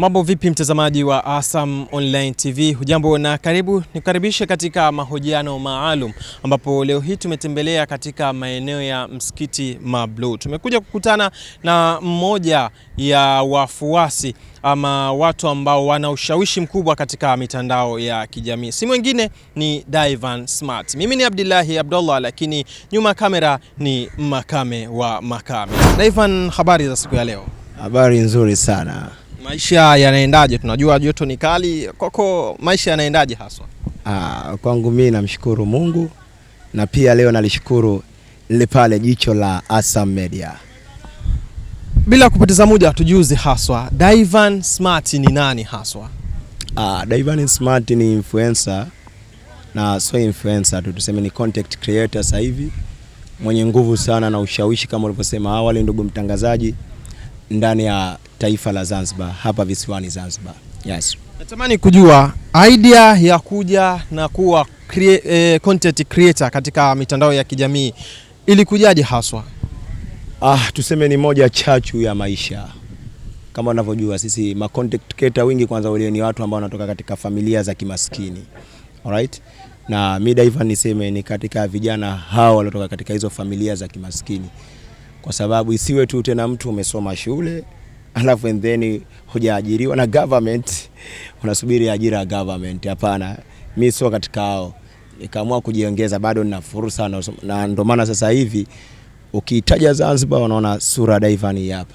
Mambo vipi mtazamaji wa Asam Online TV, hujambo na karibu. Nikukaribishe katika mahojiano maalum ambapo leo hii tumetembelea katika maeneo ya msikiti Mablu. Tumekuja kukutana na mmoja ya wafuasi ama watu ambao wana ushawishi mkubwa katika mitandao ya kijamii, si mwingine ni Daivan Smart. Mimi ni Abdillahi Abdullah, lakini nyuma kamera ni Makame wa Makame. Daivan, habari za siku ya leo? Habari nzuri sana Maisha yanaendaje? Tunajua joto ni kali kwako, maisha yanaendaje haswa? Ah, kwangu mimi namshukuru Mungu na pia leo nalishukuru lile pale jicho la Asam Media. Bila kupoteza muda, tujuze haswa Daivan Smart ni nani haswa? Ah, Daivan Smart ni influencer na sio influencer tu, tuseme ni content creator sasa hivi mwenye nguvu sana na ushawishi kama ulivyosema awali, ndugu mtangazaji, ndani ya taifa la Zanzibar hapa visiwani Zanzibar. Yes. Natamani kujua idea ya kuja na kuwa create, eh, content creator katika mitandao ya kijamii ilikujaje haswa? Ah, tuseme ni moja chachu ya maisha kama unavyojua sisi ma content creator wingi kwanza wale ni watu ambao wanatoka katika familia za kimaskini. Alright? Na mimi Daivan niseme ni katika vijana hao waliotoka katika hizo familia za kimaskini, kwa sababu isiwe tu tena mtu umesoma shule alafu and then hujaajiriwa na government, unasubiri ajira ya government. Hapana, mi sio katika hao, nikaamua kujiongeza, bado nina fursa na, na ndio maana sasa hivi ukiitaja Zanzibar unaona sura Daivani hapa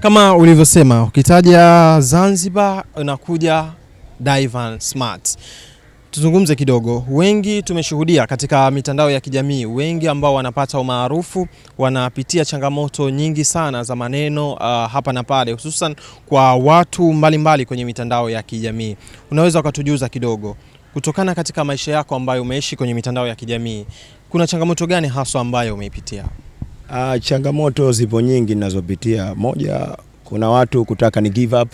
kama ulivyosema, ukitaja Zanzibar unakuja Daivan Smart. Tuzungumze kidogo. Wengi tumeshuhudia katika mitandao ya kijamii, wengi ambao wanapata umaarufu wanapitia changamoto nyingi sana za maneno uh, hapa na pale, hususan kwa watu mbalimbali mbali kwenye mitandao ya kijamii. Unaweza ukatujuza kidogo, kutokana katika maisha yako ambayo umeishi kwenye mitandao ya kijamii, kuna changamoto gani haswa ambayo umeipitia? Uh, changamoto zipo nyingi ninazopitia. Moja, kuna watu kutaka ni give up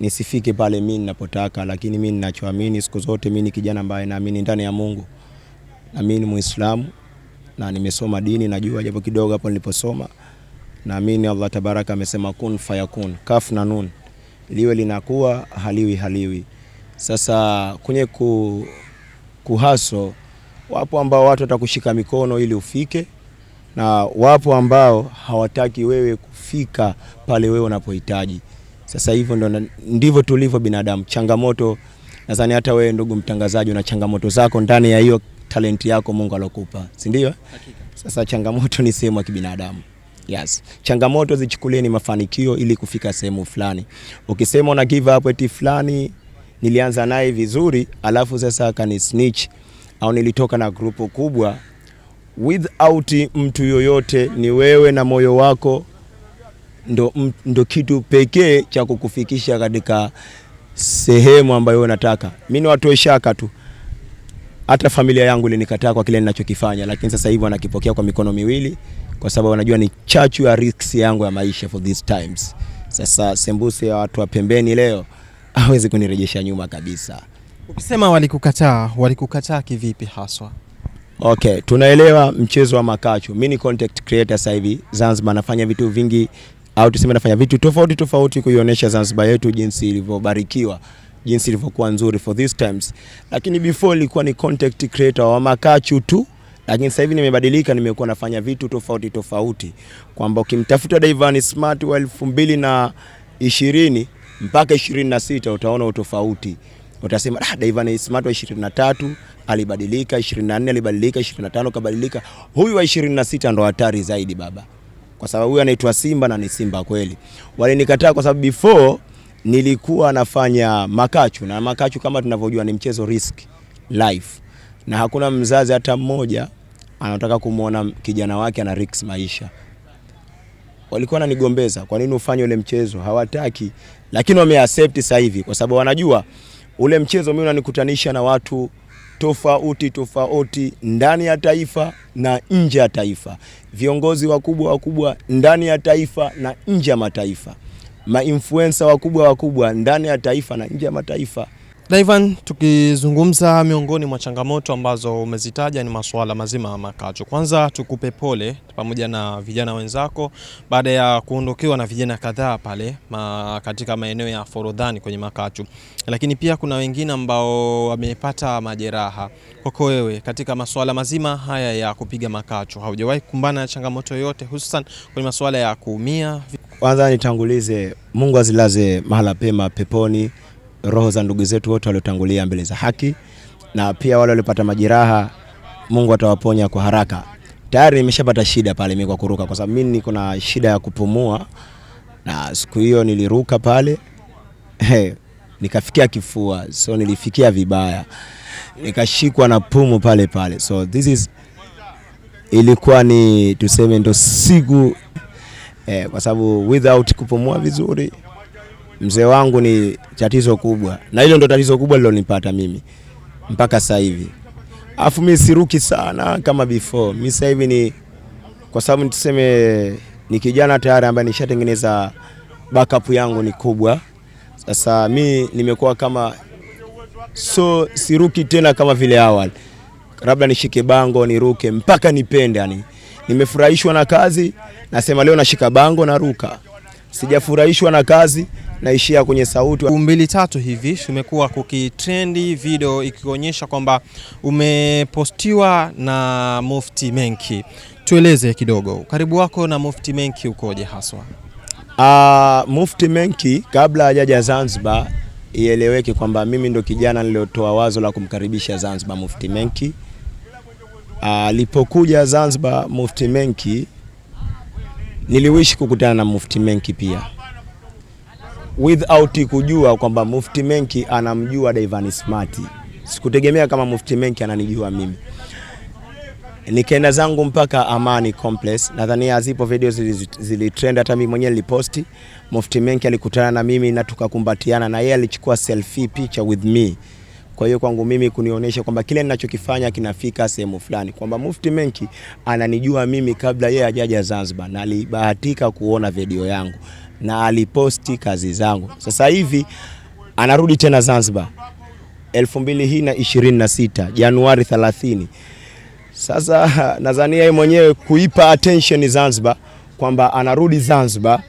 nisifike pale mimi ninapotaka, lakini mimi ninachoamini siku zote, mimi ni kijana ambaye naamini ndani ya Mungu na mimi ni Muislamu na nimesoma dini, najua japo kidogo hapo niliposoma. Naamini Allah tabaraka amesema kun fayakun, kaf na nun, liwe linakuwa, haliwi haliwi. Sasa kwenye ku, kuhaso wapo ambao watu watakushika mikono ili ufike, na wapo ambao hawataki wewe kufika pale wewe unapohitaji. Sasa hivyo ndo ndivyo tulivyo binadamu. Changamoto, nadhani hata wewe ndugu mtangazaji una changamoto zako ndani ya hiyo talenti yako Mungu alokupa, si ndio? Sasa changamoto ni sehemu ya kibinadamu. Yes. Changamoto zichukulie ni mafanikio ili kufika sehemu fulani. Ukisema una give up eti fulani nilianza naye vizuri alafu sasa akani snitch au nilitoka na grupu kubwa without mtu yoyote, ni wewe na moyo wako ndo, ndo kitu pekee cha kukufikisha katika sehemu ambayo unataka. Mimi ni watoe shaka tu, hata familia yangu ilinikataa kwa kile ninachokifanya, lakini sasa hivi wanakipokea kwa mikono miwili, kwa sababu wanajua ni chachu ya riski yangu ya maisha for these times. Sasa sembuse ya watu wa pembeni leo hawezi kunirejesha nyuma kabisa. Ukisema walikukataa, walikukataa kivipi haswa? Okay, tunaelewa mchezo wa makachu. Mimi ni content creator sasa hivi Zanzibar, nafanya vitu vingi au tuseme nafanya vitu tofauti tofauti kuionyesha Zanzibar yetu jinsi ilivyobarikiwa, jinsi ilivyokuwa nzuri for these times. Lakini before ilikuwa ni content creator wa makachu tu, lakini sasa hivi nimebadilika, nimekuwa nafanya vitu tofauti tofauti, kwamba ukimtafuta Dayvan Smart wa elfu mbili na ishirini mpaka ishirini na sita utaona utofauti. Utasema ah, Dayvan Smart wa ishirini na tatu alibadilika, ishirini na nne alibadilika, ishirini na tano kabadilika. Huyu wa ishirini na sita ndo hatari zaidi baba kwa sababu huyu anaitwa Simba na ni Simba kweli. Walinikataa kwa sababu before nilikuwa nafanya makachu na makachu kama tunavyojua ni mchezo risk life, na hakuna mzazi hata mmoja anataka kumuona kijana wake ana risk maisha. Walikuwa wananigombeza, kwa nini ufanye ule mchezo? Hawataki, lakini wameaccept sasa hivi kwa sababu wanajua ule mchezo mimi unanikutanisha na watu tofauti tofauti ndani ya taifa na nje ya taifa, viongozi wakubwa wakubwa ndani ya taifa na nje ya mataifa, mainfluensa wakubwa wakubwa ndani ya taifa na nje ya mataifa Daivan, tukizungumza miongoni mwa changamoto ambazo umezitaja ni masuala mazima ya makacho. Kwanza tukupe pole pamoja na vijana wenzako baada ya kuondokewa na vijana kadhaa pale ma, katika maeneo ya Forodhani kwenye makacho, lakini pia kuna wengine ambao wamepata majeraha. Kwako wewe, katika masuala mazima haya ya kupiga makacho, haujawahi kukumbana na changamoto yoyote, hususan kwenye masuala ya kuumia? Kwanza nitangulize, Mungu azilaze mahala pema peponi roho za ndugu zetu wote waliotangulia mbele za haki, na pia wale waliopata majeraha Mungu atawaponya kwa haraka. Tayari nimeshapata shida pale mimi kwa kuruka, kwa sababu mimi niko na shida ya kupumua, na siku hiyo niliruka pale hey, nikafikia kifua, so nilifikia vibaya, nikashikwa na pumu pale pale, so this is ilikuwa ni tuseme ndo siku eh, kwa sababu without kupumua vizuri mzee wangu ni tatizo kubwa, na hilo ndo tatizo kubwa lilonipata mimi mpaka sasa hivi. Afu mimi siruki sana kama before. Mimi sasa hivi ni kwa sababu tuseme ni kijana tayari ambaye nishatengeneza backup yangu ni kubwa. Sasa mi nimekuwa kama so siruki tena kama vile awali, labda nishike bango niruke mpaka nipende. Yani nimefurahishwa na kazi, nasema leo nashika bango naruka. Sijafurahishwa na kazi naishia kwenye sauti. Mbili tatu hivi umekuwa kukitrendi video ikionyesha kwamba umepostiwa na Mufti Menki, tueleze kidogo karibu wako na Mufti Menki ukoje haswa? Uh, Mufti Menki kabla hajaja Zanzibar, ieleweke kwamba mimi ndo kijana niliotoa wazo la kumkaribisha Zanzibar Mufti Menki. Ah, alipokuja uh, Zanzibar Mufti Menki niliwishi kukutana na Mufti Menki pia without kujua kwamba Mufti Menki anamjua Daivan Smart. Sikutegemea kama Mufti Menki ananijua mimi. Nikaenda zangu mpaka Amani Complex. Nadhani azipo video zilitrend, hata mimi mwenyewe niliposti. Mufti Menki alikutana na mimi na tukakumbatiana, na yeye alichukua selfie picha with me. Kwa hiyo kwangu mimi kunionyesha kwamba kile ninachokifanya kinafika sehemu fulani, kwamba Mufti Menki ananijua mimi kabla yeye hajaja Zanzibar, na alibahatika kuona video yangu na aliposti kazi zangu. Sasa hivi anarudi tena Zanzibar elfu mbili hii na ishirini na sita Januari 30. Sasa nadhania yeye mwenyewe kuipa attention Zanzibar kwamba anarudi Zanzibar,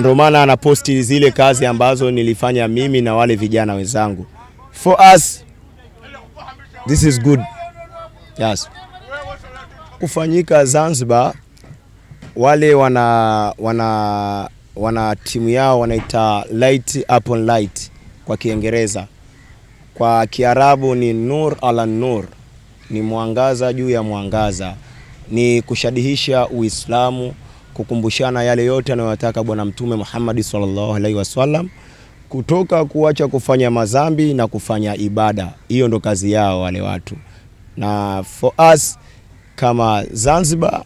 ndio maana anaposti zile kazi ambazo nilifanya mimi na wale vijana wenzangu for us this is good yes. Kufanyika Zanzibar, wale wana, wana, wana timu yao wanaita light upon light kwa Kiingereza, kwa Kiarabu ni nur ala nur, ni mwangaza juu ya mwangaza, ni kushadihisha Uislamu, kukumbushana yale yote anayotaka Bwana Mtume Muhammad sallallahu alaihi wasallam kutoka kuacha kufanya madhambi na kufanya ibada. Hiyo ndo kazi yao wale watu, na for us kama Zanzibar,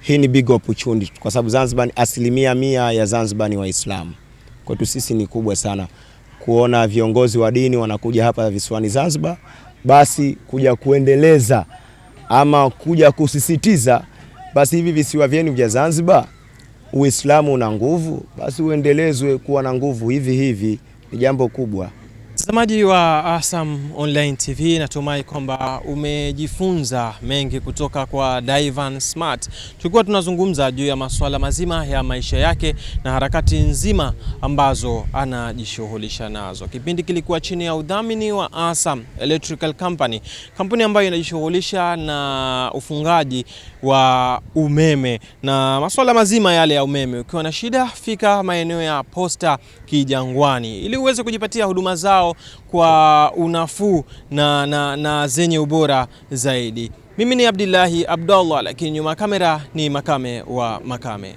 hii ni big opportunity, kwa sababu Zanzibar ni asilimia mia ya Zanzibar ni Waislamu. Kwetu sisi ni kubwa sana kuona viongozi wa dini wanakuja hapa visiwani Zanzibar, basi kuja kuendeleza ama kuja kusisitiza basi hivi visiwa vyenu vya Zanzibar Uislamu una nguvu, basi uendelezwe kuwa na nguvu hivi hivi, ni jambo kubwa. Mtazamaji wa ASAM Online TV, natumai kwamba umejifunza mengi kutoka kwa Daivan Smart. Tulikuwa tunazungumza juu ya masuala mazima ya maisha yake na harakati nzima ambazo anajishughulisha nazo. Kipindi kilikuwa chini ya udhamini wa ASAM Electrical Company, kampuni ambayo inajishughulisha na ufungaji wa umeme na masuala mazima yale ya umeme. Ukiwa na shida, fika maeneo ya Posta Kijangwani ili uweze kujipatia huduma zao kwa unafuu na, na, na zenye ubora zaidi. Mimi ni Abdillahi abdallah lakini nyuma kamera ni Makame wa Makame.